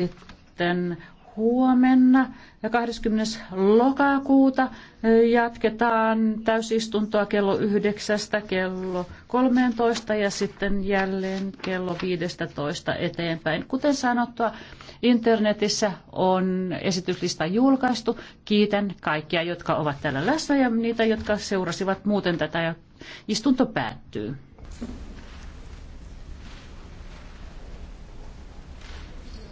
sitten huomenna ja 20. lokakuuta e, jatketaan täysistuntoa kello 9 kello 13 ja sitten jälleen kello 15 eteenpäin. Kuten sanottua, internetissä on esityslista julkaistu. Kiitän kaikkia, jotka ovat täällä läsnä ja niitä, jotka seurasivat muuten tätä ja istunto päättyy.